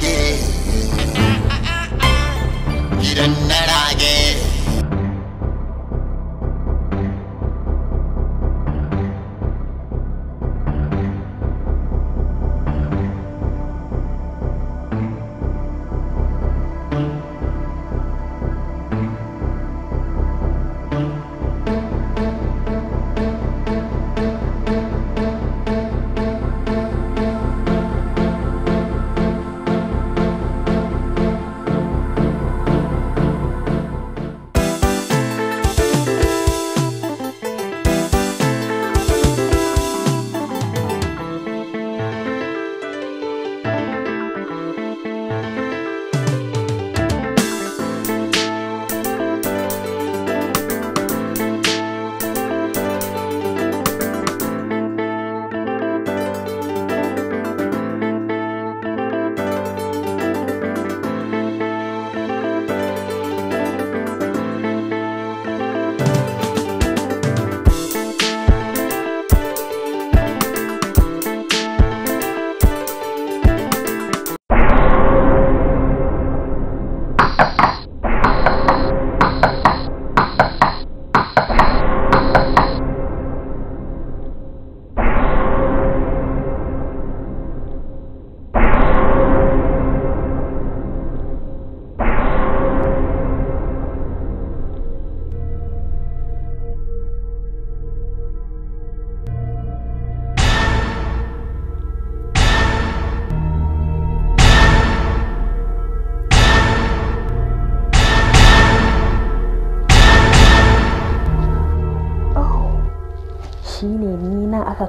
rage gidan na rage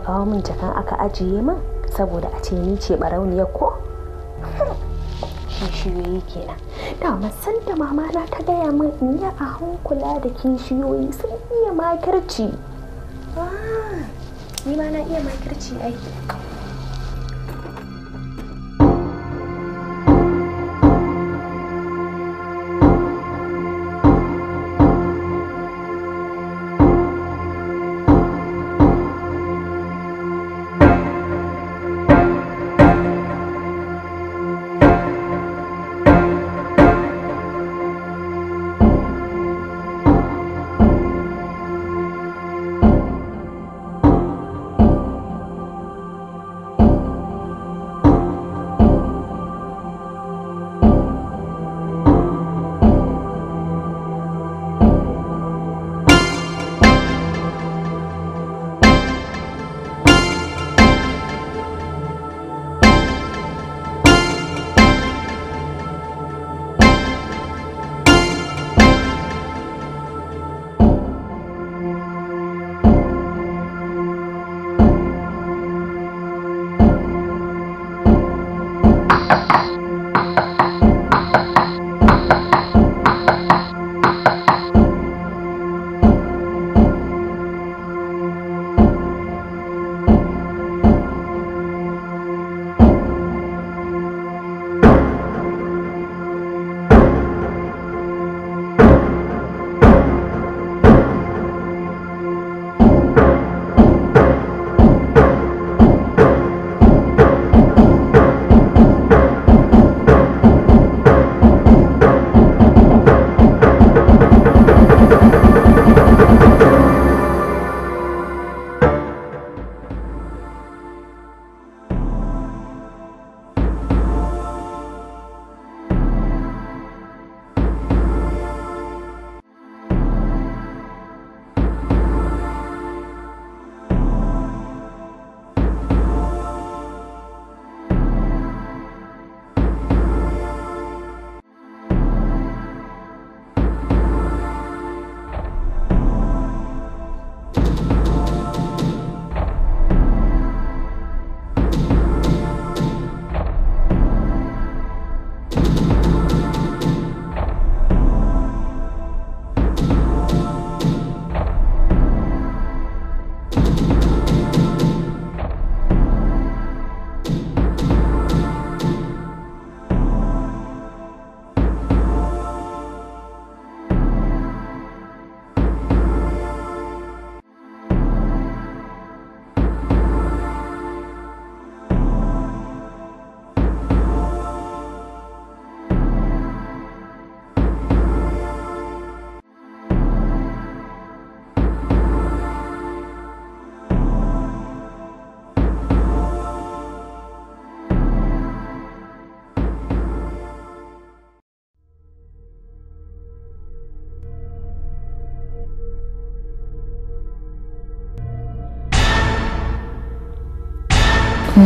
kawo min jakan aka ajiye min saboda a ce ni ce barauniya ko kishiyoyi kenan da masan da mama na ta gaya min in yi a hankula da kishiyoyi sun iya makirci ah, ni ma na iya makirci aiki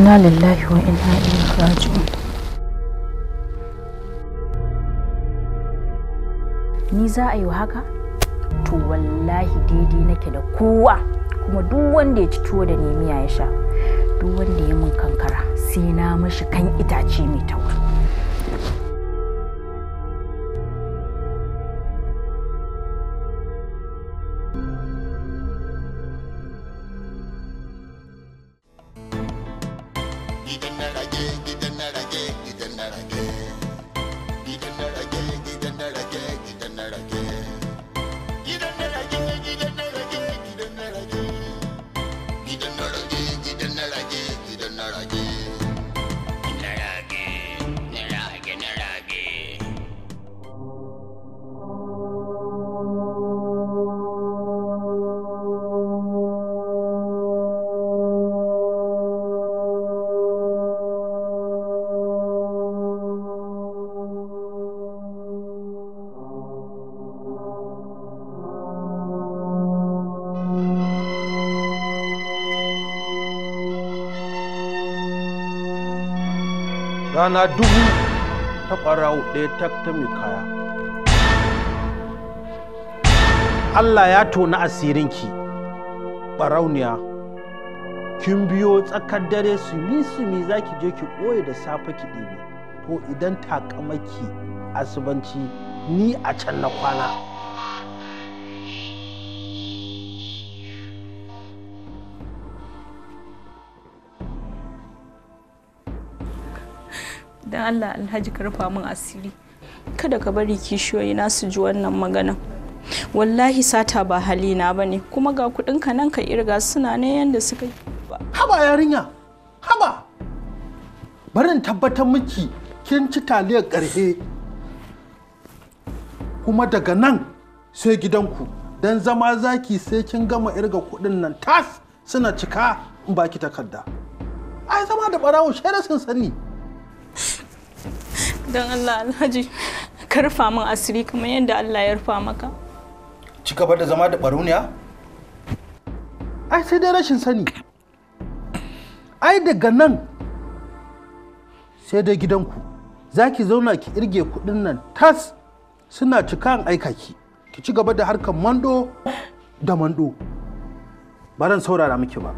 inna lillahi wa inna ilaihi raji'un ni za a yi haka to wallahi daidai nake da kowa kuma duk wanda ya ci tuwo da nemiya ya sha duk wanda ya mun kankara sai na mashi kan itace mai tauri rana dubu ta ɓarawo ɗaya ta ta mai kaya Allah ya tona asirinki barauniya kin biyo tsakar dare su sumi za ki je ki ɓoye da safe ki ɗebe to idan takamaki asibanci ni a can na kwana dan allah alhaji ka rufa min asiri kada ka bari kishiyoyi na su ji wannan magana wallahi sata ba hali na bane kuma ga kudin ka nan ka irga suna ne yadda suka yi haba yarinya haba barin tabbatar miki kin ci taliyar karhe kuma daga nan sai gidanku don zama zaki sai kin gama irga kudin nan tas suna cika in baki takarda ai zama da barawo shaida sun sani don Allah alhaji ka rufa min asiri kamar yadda Allah ya rufa maka ci gaba da zama da baruniya ai sai dai rashin sani ai daga nan sai dai gidanku za ki zauna ki irge kudin nan tas suna cika an aika ki ki ci gaba da harkar mando da mando ba saurara miki ba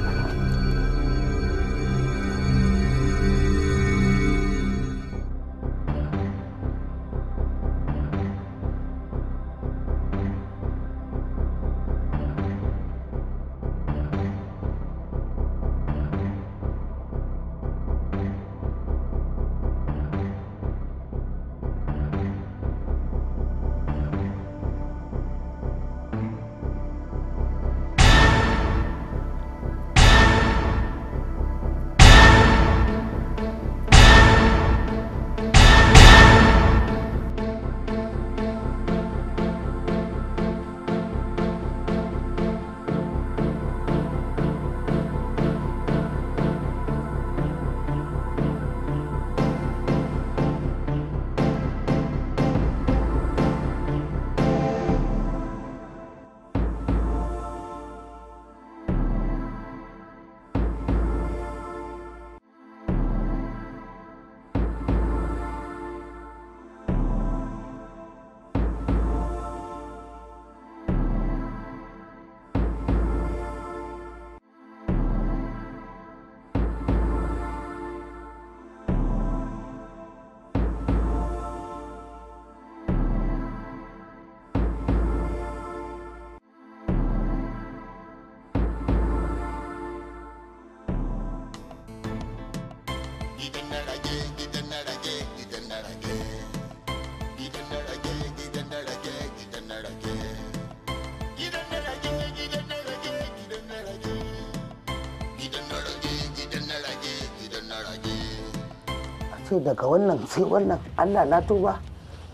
sai daga wannan sai wannan allah na tuba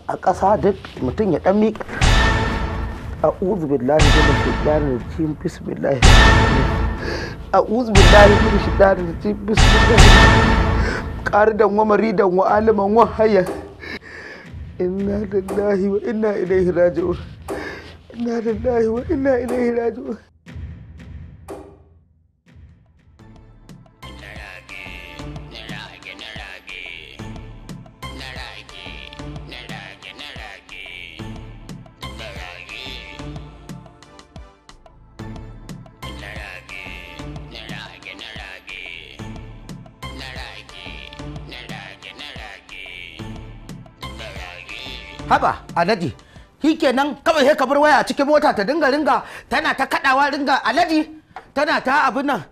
a ƙasa duk mutum ya ɗan miƙa a uzubillahi da mafi ɗarin cikin bismillahi a uzubillahi da mafi ɗarin cikin bismillahi ƙaridan wa maridan wa aliman wa hayya inna lillahi wa inna ilaihi raji'un inna lillahi wa inna ilaihi raji'un ki shikenan kawai sai ka bar waya cikin mota ta dinga ringa tana ta kadawa ringa aladi tana ta abin nan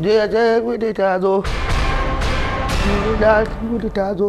je je gudu ta zo gudu ta zo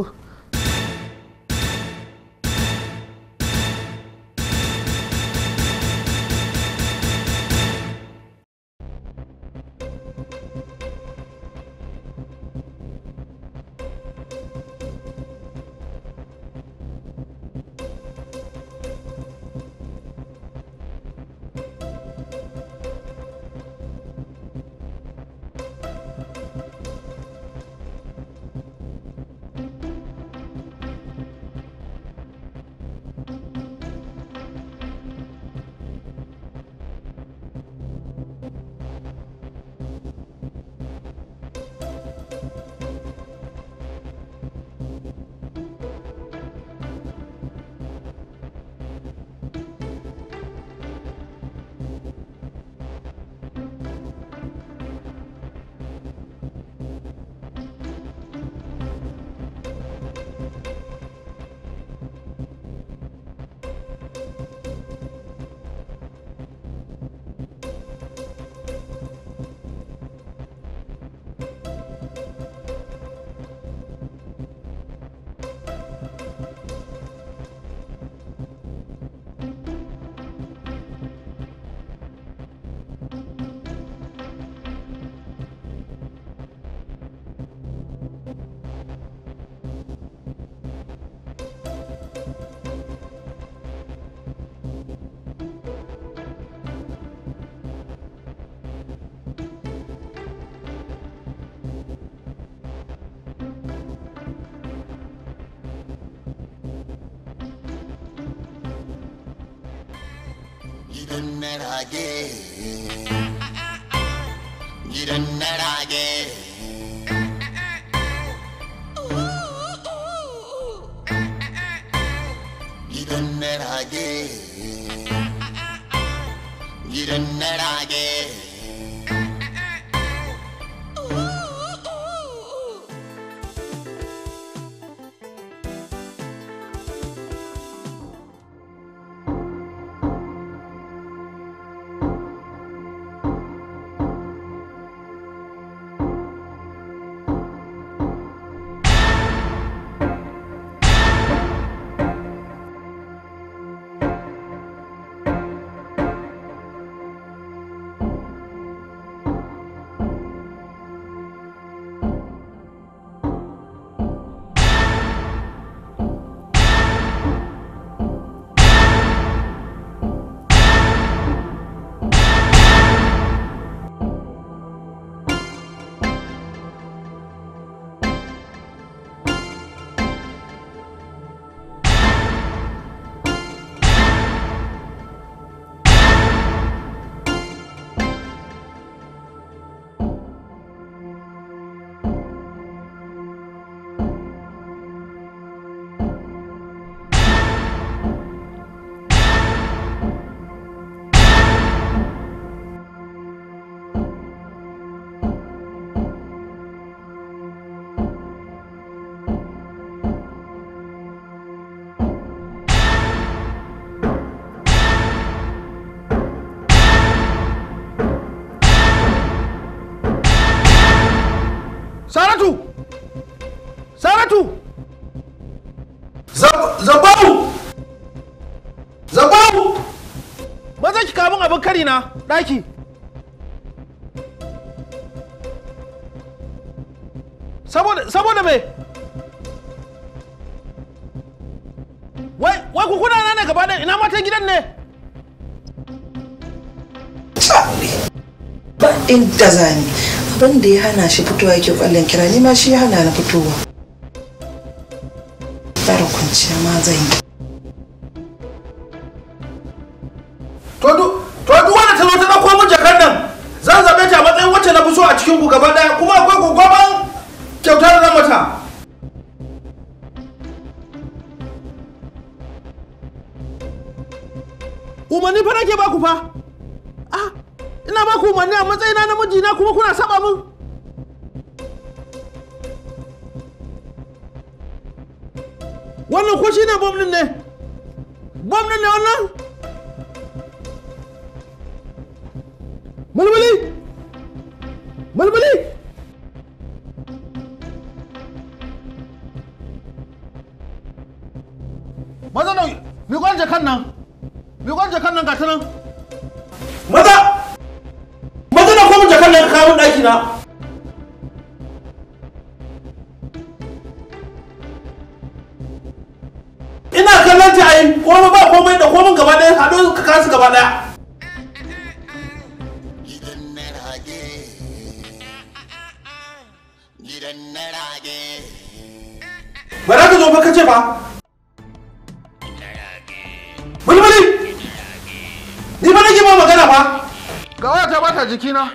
ನಡಾಗೆ ಗಿರನ್ನಡಾಗೆ zabau zabau maza ki kamun abin kari na daki saboda me wai wai ku kuna ne gaba da ina matan gidan ne ba da zani abin da ya hana shi fitowa yake kwallon kira ni ma shi ya hana na fitowa önüne. irin na ba za ka zo ba ka ce ba bulbuli ni ba nake ba magana ba ga waya ta bata jikina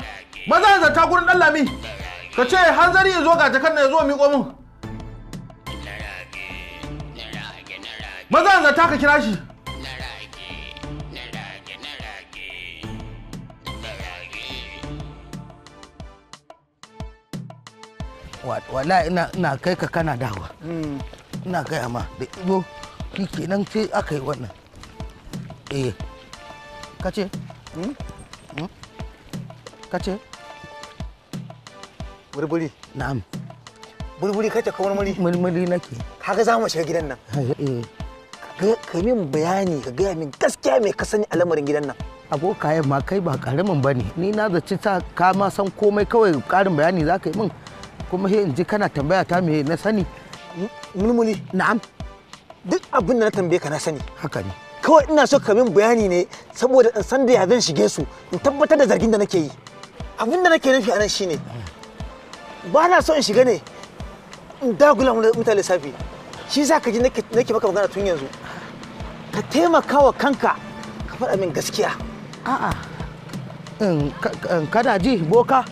maza da ta gurin dan lami ka ce hanzari ya zo ga jakar na ya zo miƙo min maza da ta ka kira shi wala ina kai ka kana dawa mm. ina kai ma. da ido shi kenan sai aka yi wannan eh ka ce mm. Mm. ka ce burburi na'am burburi kace ka murmuri murmuri nake kaga za mu shiga gidan nan eh. Ka ka min bayani ka gaya min gaskiya mai ka sani a lamarin gidan nan abokayen ma kai ba karamin bane ni na zaci ta ka ma san komai kawai karin bayani za ka yi min kuma in ji kana tambaya ta me na sani mulmuli na'am duk abin da na tambaye ka na sani haka ne kawai ina so ka min bayani ne saboda in san da ya zan shige su in tabbatar da zargin da nake yi abin da nake nufi a nan shine ba na so in shiga ne in dagula mutane lissafi shi za ka ji nake maka magana tun yanzu ka taimaka wa kanka ka faɗa min gaskiya a'a kada ji boka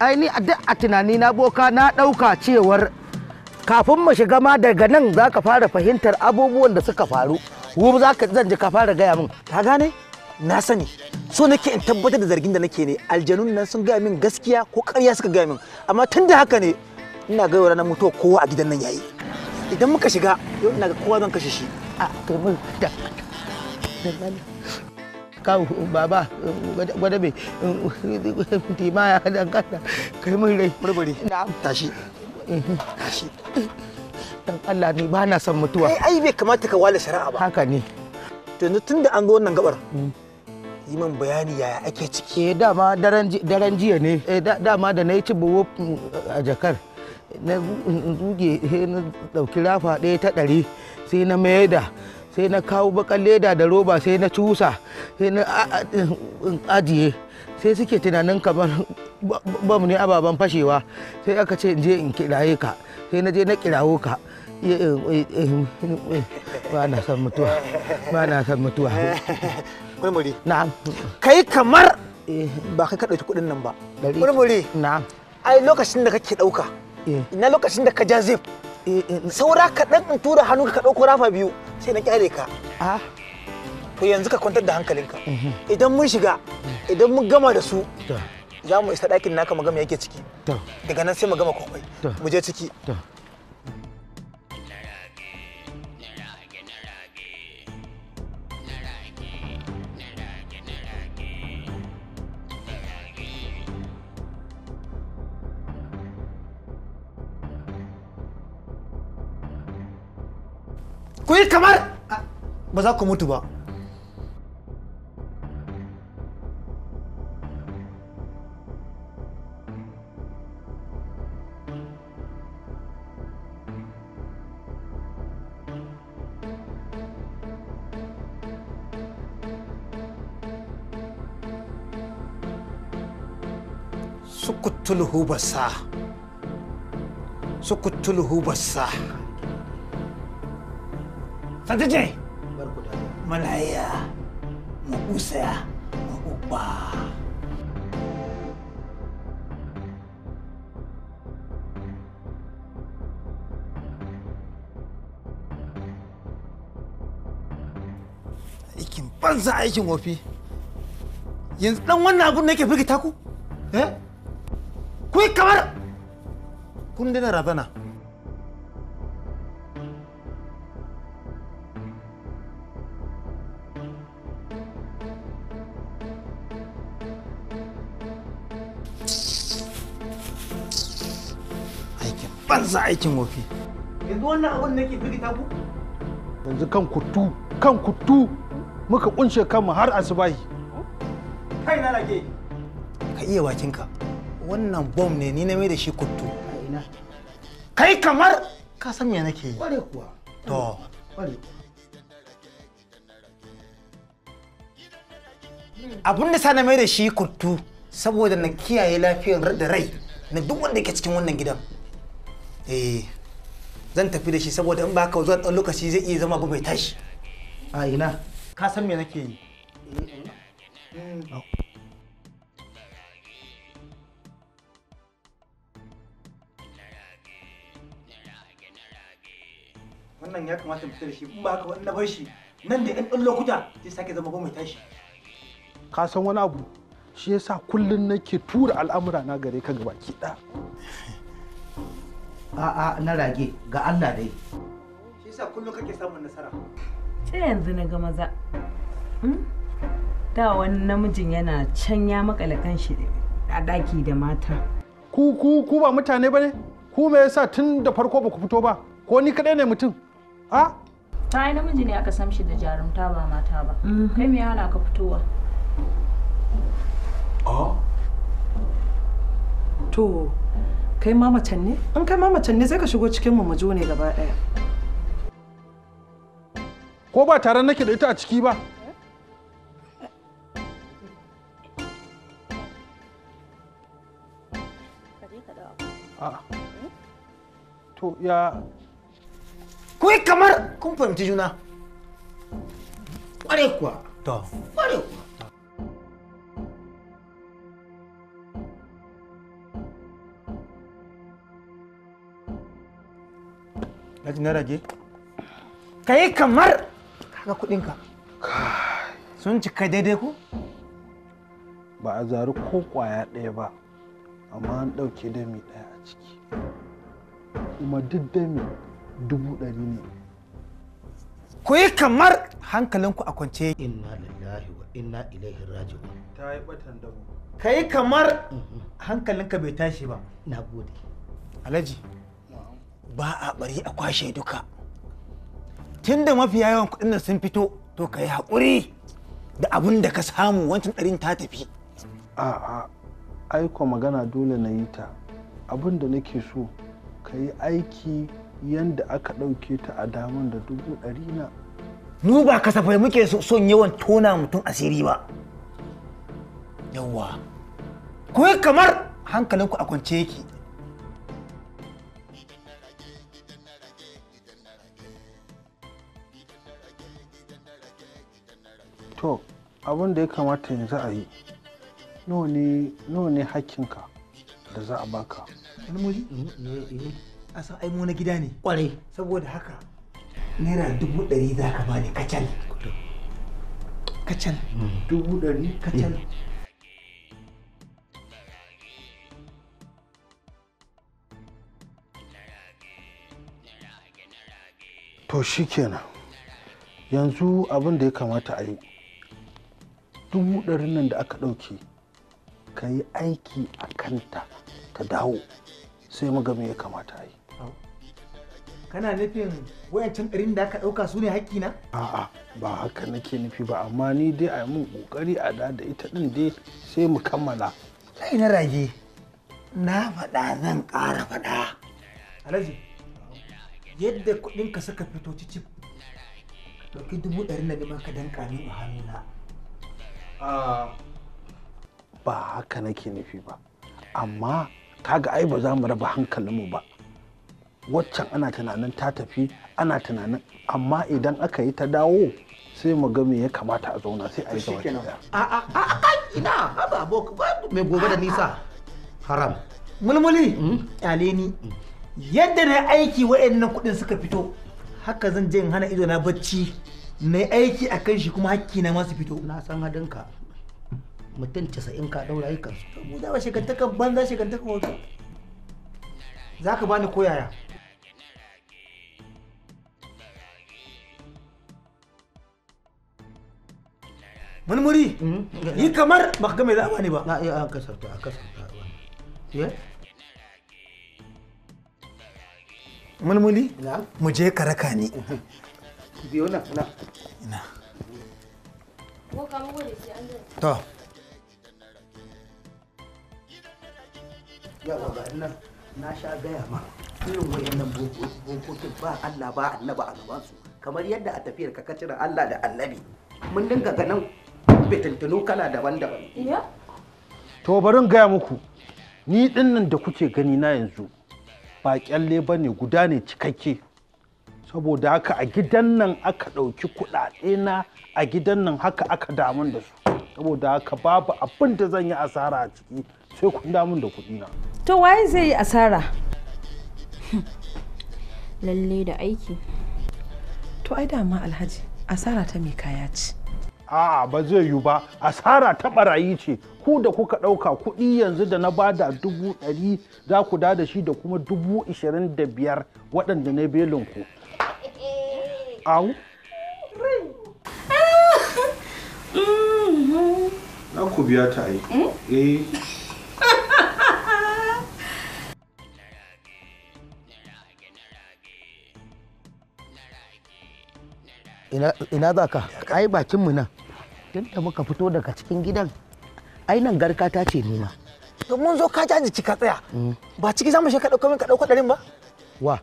aini a duk a tunani na boka na ɗauka cewar kafin mu shiga ma daga nan za ka fara fahimtar abubuwan da suka faru wuf za zan ji ka fara gaya min ka gane na sani so nake in tabbatar da zargin da nake ne aljanun nan sun gaya min gaskiya ko ƙarya suka gaya min amma tun da haka ne ina ga ranar mutuwa kowa a gidan nan yayi idan muka shiga yau ina ga kowa zan kashe shi a mun da kawo baba gwadabe timaya dangana kai min rai burburi tashi tashi dan Allah ni ba na son mutuwa ai ai bai kamata ka wale shari'a ba haka ne to yanzu tunda an zo wannan gabar mm. yi min bayani yaya ake ciki eh dama daren jiya ne eh dama da na yi cibo mm, a jakar na zuge na dauki rafa ɗaya ta ɗari sai na da sai na kawo bakan leda da roba sai na cusa sai na ajiye sai suke tunanin kamar bam ne ababen fashewa sai aka ce in je in kiraye ka sai na je na kirawo ka eh, eh, eh, ba na san mutuwa ba na san mutuwa murmuri kai kamar ba kai ka kuɗin nan ba murmuri na ai lokacin da kake ɗauka ina lokacin da ka ja zai saura kaɗan in tura hannu ka ɗauko rafa biyu sai na kyale ka ah. to yanzu ka kwantar da hankalinka idan mun shiga idan mun gama da su za mu isa ɗakin naka mu gama yake ciki daga nan sai mu gama kwakwai mu je ciki kamar ba za ku mutu ba sukutulhu basa sukutulhu basa Sadije! Malaya, makusaya, makuba. Aikin banza aikin wofi. Yanzu dan wannan abun da yake firgita ku? Eh? kamar kun dina razana. banza aikin wofi yanzu wannan abin nake firgita ku yanzu kan kutu kan kutu muka kunshe kanmu har asubahi kai na rage ka iya bakinka wannan bom ne ni na mai da shi kutu kai kamar ka san me nake yi kware kuwa to kware abin da sana mai da shi kuttu saboda na kiyaye lafiyar da rai na duk wanda ke cikin wannan gidan Eh, zan tafi da shi saboda in ba ka zuwa ɗan lokaci zai iya zama bai mai tashi a ina ka san me nake yi wannan ya kamata mu da shi in ba ka na bar shi nan da ɗan lokuta zai sake zama bai mai tashi ka san wani abu shi yasa kullum nake tura al'amura na gare ka gabaki ɗaya a'a na rage ga Allah dai shi yasa kullum kake samun nasara sai yanzu na ga maza hmm? da wani namijin yana can ya makale kanshi a daki da mata ku ku ku ba mutane bane ku me yasa tun da farko ba ku fito ba ko ni kadai ne mutum a ta namiji ne aka samshi da jarumta ba mata ba mhm. kai me yana ka fitowa to kai ma macen ne kai ma macen ne sai ka shigo cikin mu mu ne gaba daya ko ba tare nake da ita a ciki ba to ya kuwa kamar kun fahimci juna kware kuwa to kware kuwa caji na rage ka yi kamar kaga kuɗinka sun cika daidai ku ba a zaru ko kwaya ɗaya ba amma an ɗauke dami ɗaya a ciki kuma duk dami dubu ɗari ne ku yi kamar hankalinku a kwance inna lillahi wa inna ilaihi raji'un ta yi batan dabu ka yi kamar mm-hmm. hankalinka bai tashi ba na gode alhaji ba a bari a kwashe duka tun da mafiya yawan kuɗin nan sun fito to ka yi haƙuri da abin da ka samu wancan ɗarin ta tafi a'a aiko magana dole na yi ta abin da nake so ka yi aiki yadda aka ɗauke ta a daman da dubu ɗari na mu ba kasafai muke son yawan tona mutum asiri ba yawwa ko kamar hankalinku a kwance yake abin da ya kamata yanzu a yi nawa ne hakkinka da za a baka almuri mm-hmm. eh, eh. a san aimo na gida ne kwarai saboda haka naira dubu ɗari za ka bani kacal kacal mm. dubu ɗari kacal mm. to shikenan yanzu abin da ya kamata a yi dubu ɗarin nan da aka ɗauke ka yi aiki a kanta ta dawo sai magami ya kamata yi kana nufin wayancan ɗarin da aka ɗauka su ne na? a'a ba haka nake nufi ba amma ni dai a yi mun ƙoƙari a da da ita ɗin dai sai mu kammala sai na rage na faɗa zan ƙara faɗa alhaji yadda kuɗinka suka fito cicif ɗauki dubu ɗari na neman ka dankani min a na Ah. ba haka nake nufi ba amma kaga ai ba za mu raba hankalinmu ba waccan ana tunanin ta tafi ana tunanin amma idan aka yi ta dawo sai mu ga me ya kamata a zauna sai a yi gaba a a a a a ina haba abok mai gobe da nisa haram mulmuli hmm? kyale ni yadda na aiki wa'annan kudin suka fito haka zan je in hana ido na bacci na aiki a kan shi kuma hakki na masu fito na san hadin ka mutum casa'in ka daura yi kansu mu za ba shigantaka banza shigantaka wato za ka bani koyaya murmuri mm-hmm. yi kamar ba ka mai za a bani ba na iya an kasarta a kasarta ba ya mulmuli mu je ka raka ni mm-hmm. biyo na na ina to yawa ga nan na sha gaya ma irin wayannan bokokin ba Allah ba annaba a gaban su kamar yadda a tafiyar ka cire Allah da annabi mun dinga ganin fitintunu kala daban-daban to barin gaya muku ni dinnan da kuke gani na yanzu ba kyalle ne guda ne cikakke saboda haka a gidan nan aka ɗauki kuɗaɗe na a gidan nan haka aka damun da su saboda haka babu abin da zan yi asara a ciki sai kun damun da kuɗi na to waye zai yi asara lalle da aiki to ai dama alhaji asara ta mai kaya ce a'a ba zai yiwu ba asara ta barayi ce ku da kuka ɗauka kuɗi yanzu da na bada dubu ɗari za ku da shi da kuma dubu ishirin da biyar waɗanda na ku. Au. Na ku biya ta ai. Hmm? Eh. Ina za ka? Ai bakinmu nan. Tun da muka fito daga cikin gidan, ai nan garka ta ce nuna. To mun zo ka jaji cika tsaya. Hmm. Ba ciki za mu shi ka ɗauka min ka ɗauka ɗarin ba? Wa?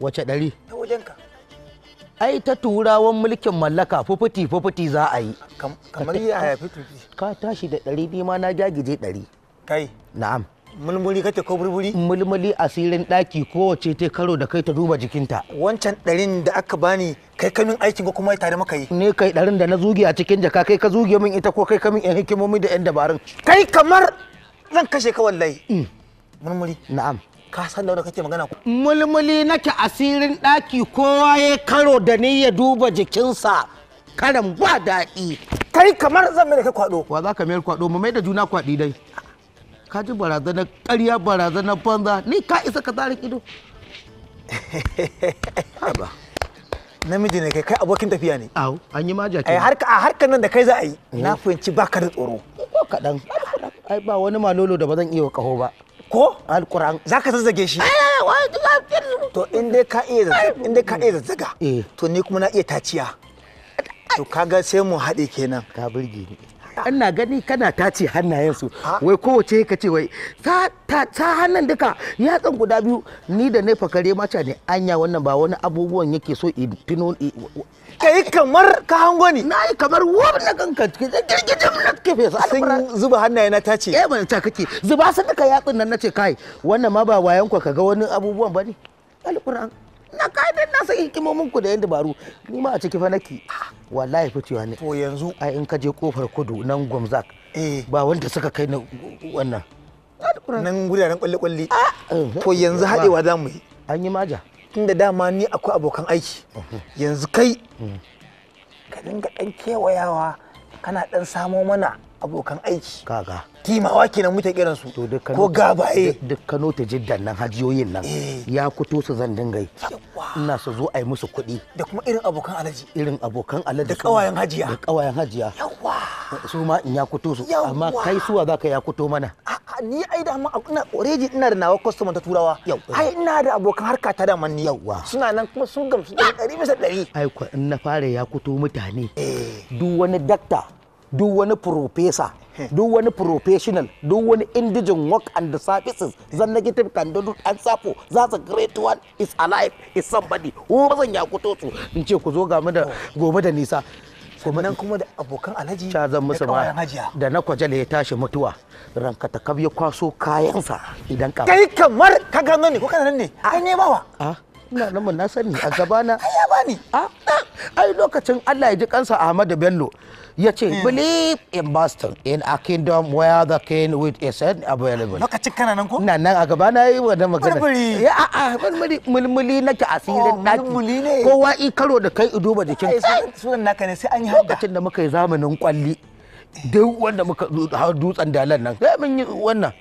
Wace ɗari? Ta wajenka. ai ta turawan mulkin mallaka fufuti fufuti za a yi kamar yi a fufuti ka tashi da ɗari ni ma na jagije ɗari kai na'am mulmuli kake ko burburi mulmuli asirin ɗaki kowace ta karo da kai ta duba jikinta wancan ɗarin da aka bani kai kamin aikin ko kuma tare maka yi ne kai ɗarin da na zuge a cikin jaka kai ka zuge min ita ko kai kamin yan hikimomi da yan dabarun kai kamar zan kashe ka wallahi mm. mulmuli na'am ka san da kake magana ku mulmuli nake asirin daki kowa ya karo da ni ya duba jikinsa karan ba daɗi kai kamar zan mai da kai kwado wa za ka mayar kwado mu mai da juna kwadi dai ka ji barazanar ƙarya barazanar banza ni ka isa ka tsarin ido namiji ne kai kai abokin tafiya ne au an yi maja eh, ke har a harkar nan da kai za a yi mm. na fahimci baka da tsoro ko kadan ai ba wani malolo da ba zan iya kaho ba ko alquran zaka zazzage shi to in dai ka iya zazzaga in dai ka iya zazzaga eh. to ni kuma na iya taciya to kaga sai mu haɗe kenan ka burge ni ana gani kana tace hannayensu wai kowace ka ce wai ta hannun duka yatsan guda biyu ni da na fakare maca ne anya wannan ba wani abubuwan yake so in tuno ka yi kamar ka hango ni na yi kamar wab na kanka girgijin na kefe su sun zuba hannaye na tace eh ban ta kake zuba sun ka yatsun nan nace kai wannan ma ba wayan ka ga wani abubuwan bane alquran na kaidan na sai hikimomin ku da yan dabaru ni ma a ciki fa nake wallahi fitiwa ne to yanzu ai in ka je kofar kudu nan eh ba wanda suka kai na wannan nan guraren kwalle-kwalle ah, eh. to yanzu haɗewa za mu yi an yi maja tunda dama ni akwai abokan aiki yanzu kai ka dinga ɗan kewayawa kana ɗan samo mana abokan aiki kaga timawa kenan muke kiran su ko gabaye dukkano ta jiddan nan hajiyoyin nan eh. ya kuto su zan dinga ina su zo ai musu kuɗi da kuma irin abokan alaji irin abokan alaji da kawayen hajiya da kawayen hajiya yawa su ma in ya kuto su amma kai suwa zaka ya kuto mana ni ai da ina already ina da nawa customer ta turawa ai ina da abokan harka ta daman ni yawa suna nan kuma sun gamsu da ɗari bisa ɗari ai in na fara ya kuto mutane eh. duk wani dakta duk wani profesa duk wani professional duk wani indigen work and the services the negative can do an sapo that's a great one is alive is somebody who bazan ya kuto su in ce ku zo ga mu da oh. gobe da nisa kuma nan kuma da abokan alhaji ta zan musu ba da na kwajale ya tashi mutuwa ranka ta kabye ya kwaso kayansa idan ka kai kamar ka gano ne ko kana nan ne ai ne bawa ina nan mun na sani a gabana ai ya bani a ai lokacin Allah ya ji kansa Ahmadu Bello ya ce hmm. believe in Boston in a kingdom where the king with a set available lokacin kana nan ko na nan a gaba na yi wannan magana ya a a mulmuli mulmuli nake asirin na oh, mulmuli ne kowa i karo da kai ido ba jikin sunan naka ne sai an yi lokacin da muka yi zamanin kwalli duk wanda muka har dutsen dalan nan sai mun yi wannan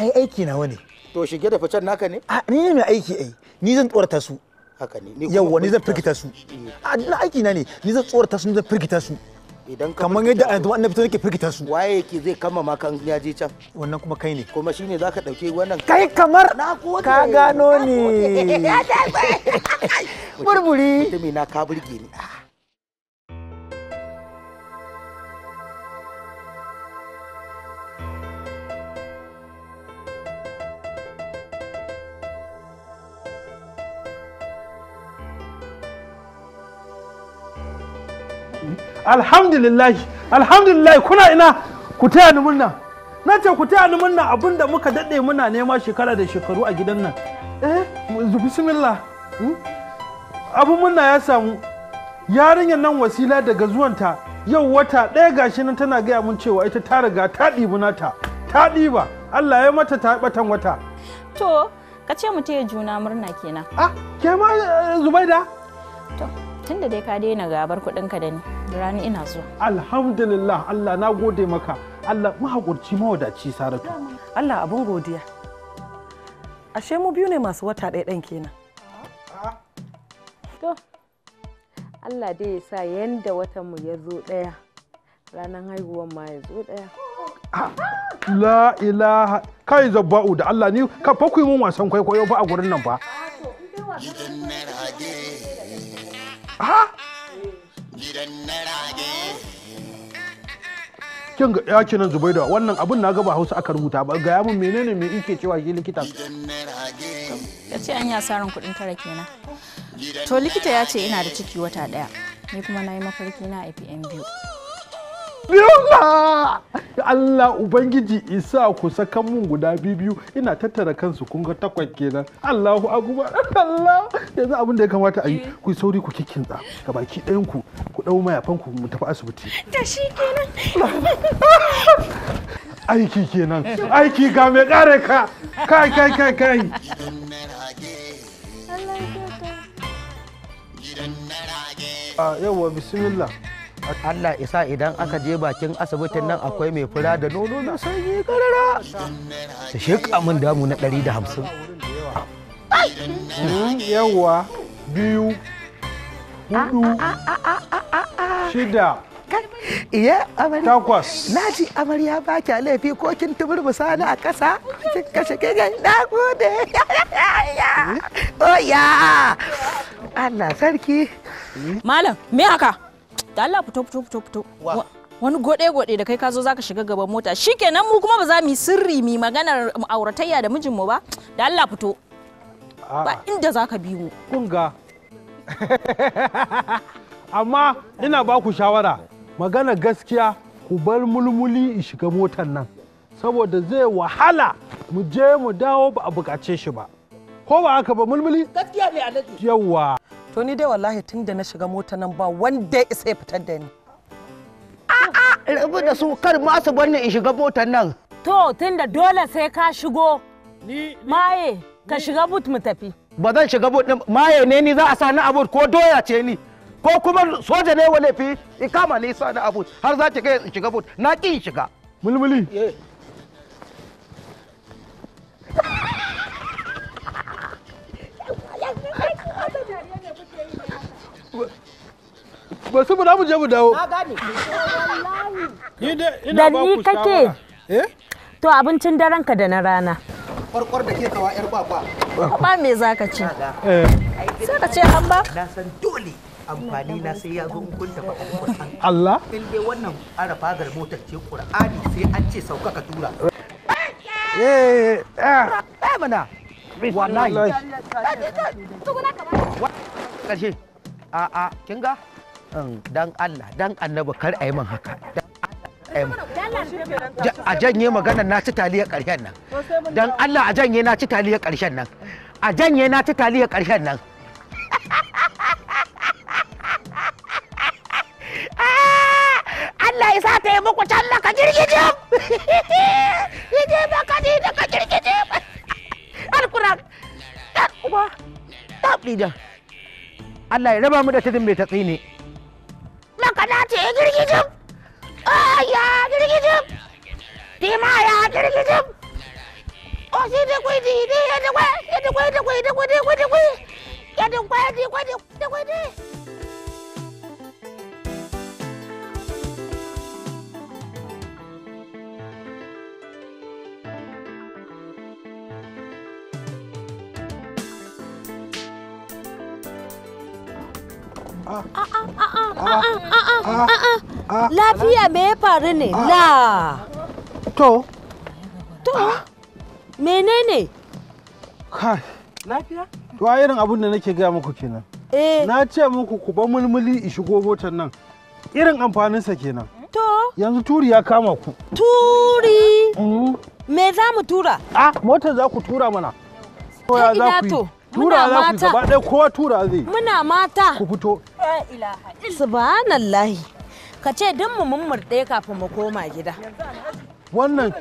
ai aiki na wani to shige da ficen naka ne a ni ne mai aiki ai ni zan tsorata su haka ne yawwa ni zan firgita su a aiki na ne ni zan tsorata su ni zan firgita su idan kamar yadda a yanzu fito to yake firgita su waye yake zai kama ma kan ya je can wannan kuma kai ne kuma shine zaka dauke wannan kai kamar ka gano ni burburi mutumi na ka burge ni ah. alhamdulillahi alhamdulillahi kuna ina ku taya ni murna na ce ku taya ni murna abinda muka daɗe muna nema shekara da shekaru a gidan nan eh bismillah hmm? abu murna ya samu yarinyar nan wasila daga zuwanta yau wata ɗaya gashi nan tana gaya mun cewa ita ta riga ta ɗibi nata ta ɗiba Allah ya mata ta batan wata to ka ce mu taya juna murna kenan ah ke ma eh, zubaida to tunda dai ka daina gabar kuɗinka da ni da rani ina zuwa alhamdulillah Allah na gode maka Allah mahaƙurci mawadaci saratu Allah abun godiya ashe mu biyu ne masu wata ɗaya ɗan kenan to Allah dai ya sa yanda watan mu ya zo ɗaya ranar haihuwar ma ya zo ɗaya la ilaha kai zabba'u da Allah ni ka fakwai mun wasan kwaikwayo ba a gurin nan ba gidan na rage kin ga yaki nan zubaida wannan abun na gaba hausa aka rubuta ba ga mun menene me yake cewa shi likita ya ce an yi asarar kuɗin tara kenan to likita ya ce ina da ciki wata ɗaya ni kuma na yi mafarki na IPM biyu Bismillah! Allah Ubangiji isa ku saka mun guda biyu ina tattara kansu kun ga takwas kenan. Allahu akbar Allah! Yanzu abin da ya kamata a yi eh. ku sauri ku kikinta ga baki ɗayan ku ku dau mayafan ku mu tafi asibiti. Da shi kenan. Aiki kenan. Aiki ga mai kare ka. Kai kai kai kai. Allah ya yawa bismillah Allah isa idan aka je bakin asibitin nan akwai mai fura da nono na sanyi karara Ta sheƙa min damu na ɗari da hamsin. Yawwa biyu hudu ah, ah, ah, shida iya amarya takwas na ji amarya ba kya laifi ko kin tumurmusa ni a ƙasa kin kashe kigan na gode oya oh, Allah sarki malam me haka da Allah fito fito fito fito wani gode gode da kai ka zo zaka shiga gaban mota shikenan mu kuma ba za mu yi sirri mu maganar auratayya da mijinmu ba da Allah fito ba inda zaka bi mu kun amma ina ba ku shawara magana gaskiya ku bar mulmuli in shiga motar nan saboda zai wahala mu je mu dawo ba a bukace shi ba ko ba haka ba mulmuli gaskiya ne a yawwa to ni dai wallahi tun da na shiga mota nan ba wanda ya isa ya fitar da ni a'a rabu da su kar ma su bar ni in shiga motar nan to tun da dole sai ka shigo ni maye ka shiga but mu tafi ba zan shiga but maye ne ni za a sa ni abut ko doya ce ni ko kuma soja ne wa laifi ikama ne sa ni abut har za ta ga shiga but na ki shiga mulmuli eh. ba su mu je mu dawo ni kake eh? to abincin daren ka da na rana kwarkwar da ke kawa yar kwakwa ba me zaka ce eh. sai ka ce an ba na san dole amfani na sai ya zo kun da bakon Allah in dai wannan arafa motar ce Qur'ani sai an ce sauka ka tura eh eh, eh. mana wallahi kamar a'a kin ga dan Allah dan annabi kar a yi min haka a janye magana na ci taliyar ƙarshen nan dan Allah a janye na ci taliyar ƙarshen nan a janye na ci taliyar ƙarshen nan Allah ya sa ta yi muku ka girgije. yije ba ka ni ka girgije. alkuran ɗan uwa ɗan Allah ya raba mu da tudun mai tatsi ne laka na ce girgijin ya girgijin tima ya girgijin o si da kwai di ya da kwai ya da kwai da kwai da kwai da kwai da kwai ya da kwai da kwai da kwai Lafiya me ya faru ne? La. To. To. Menene? Kai. Lafiya? To a irin da nake gaya muku kenan. Na ce muku ku ba mulmuli i shigo motar nan. Irin amfaninsa kenan. To. Yanzu turi ya kama ku. Turi. Me za mu tura? Ah, motar za ku tura mana. Koya za ku Tura za ku gaba ɗaya kowa tura zai. Muna mata. Ku fito. subhanallahi ka ce duk mu mummurde kafin mu koma gida wannan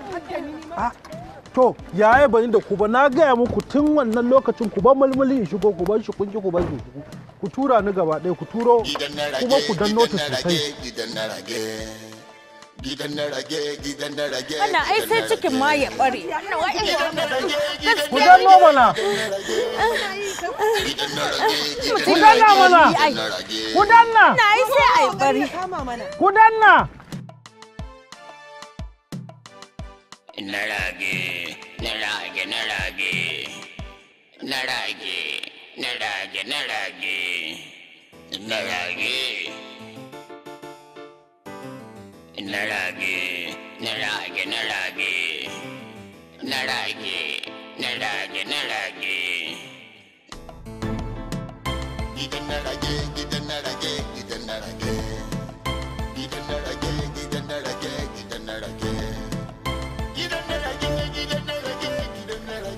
to yaya bani da ku ba na gaya muku tun wannan lokacin ku ban mulmuli in shigo ku ban shi kun ki ku ban shi ku tura ni gaba ɗaya ku turo kuma ku dan notice sosai gidan na rage gidan na rage ana ai sai cikin ma ya bare ku danno mana ku danna mana ku danna na ai sai ai bare ku danna na rage na rage na rage na rage na rage na rage na rage na rage na rage na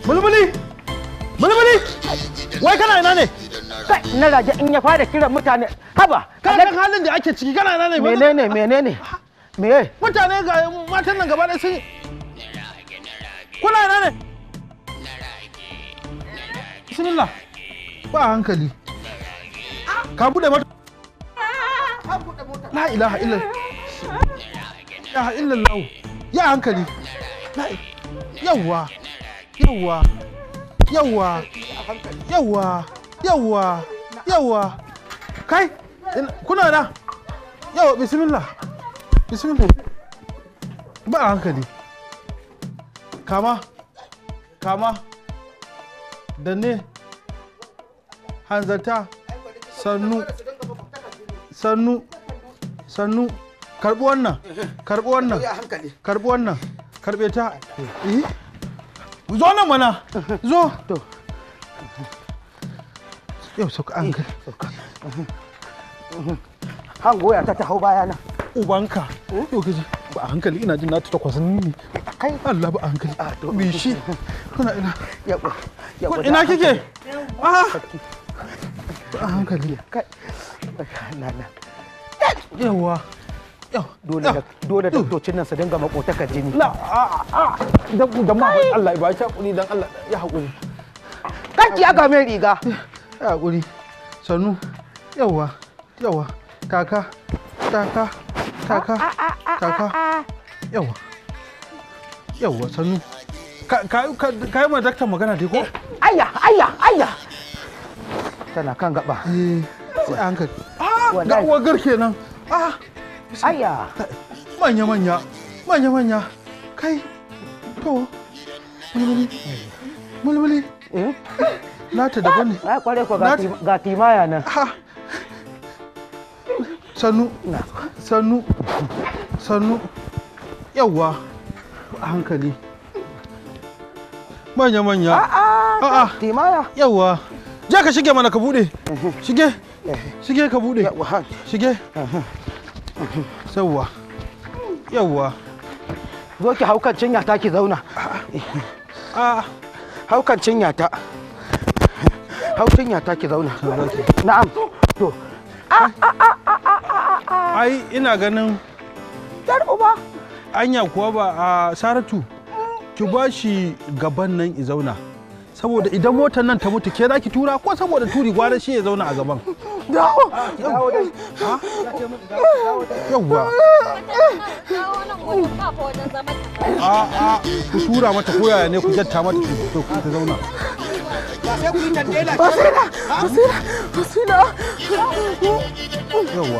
mulmuli mulmuli wai kana ina ne na rage in ya fara kiran mutane haba kana halin da ake ciki kana ina ne menene menene me mutane ga matan nan gaba da sun kuna yana ne bismillah ba hankali ka bude mota. la ilaha illa ilaha illa lau. ya hankali yawwa yawwa yawwa yawwa yawwa yawwa kai kuna na yawwa bismillah bismillah ba hankali kama kama danne hanzarta sannu sannu wannan ta zo nan mana zo hangoya ta ta hau bayana ubanka to kaji ba a hankali ina jin nata takwasin ne kai Allah ba a hankali a to bi shi kuna ina yabo yabo ina kike a ah! ba a hankali kai na na yawa dole da dole da tocin nan su dinga makotaka jini la a a da da ma Allah ya ba ta kuri dan Allah ya hakuri kaki aka mai riga ya hakuri sanu yawa yawa kaka kaka kaka ah, ah, ah, kaka yawa sannu ka yi magana ko eh, tana kan eh, ga nan manya manya manya manya kai eh? ga sannu sannu sannu yawwa a hankali manya manya a'a timaya yawwa je ka shige mana ka bude mhm. shige eh. shige ka bude shige mhm. yawwa yawwa zo ki haukan cinya ta ki zauna a haukan cinya ta haukan cinya ta ki zauna na'am to a a a ai ina ganin yar uba anya kuwa ba a saratu ki mm. ba shi gaban nan i zauna saboda idan motar nan ta mutu ke za ki tura ko saboda turi gwara shi ya zauna a gaban dawo ah, dawo yawwa a a ku tura mata koyaya ne ku jatta mata to ku ta zauna basira basira basira yawwa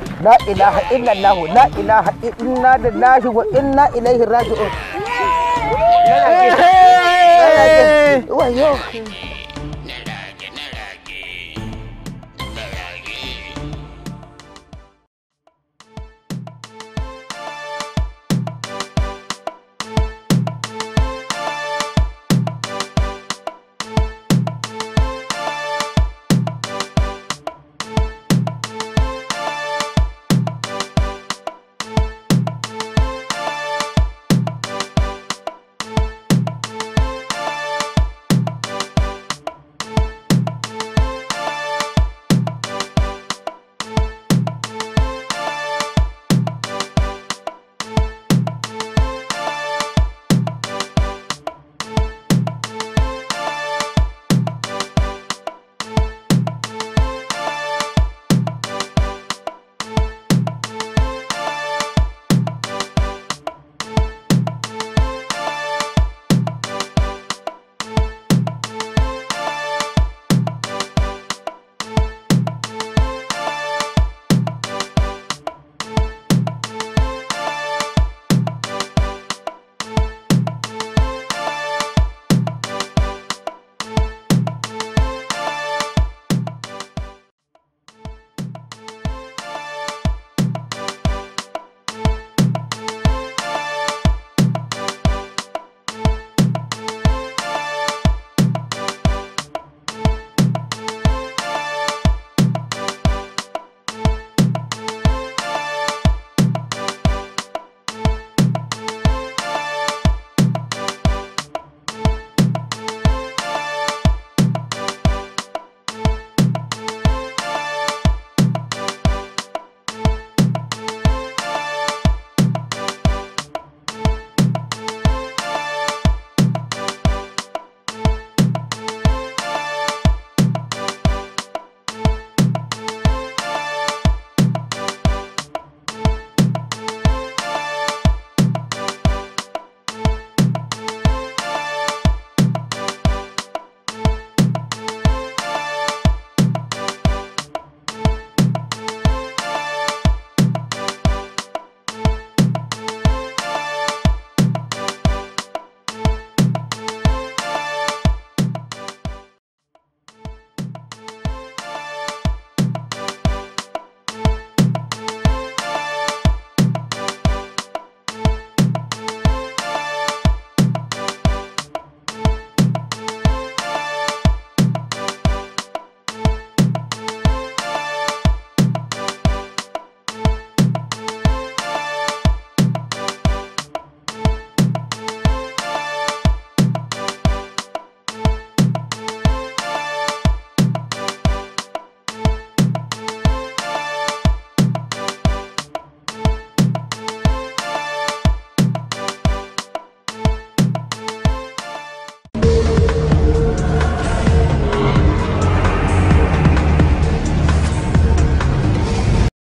la ilaha illallah la ilaha inna lillahi wa inna ilaihi raji'un wayo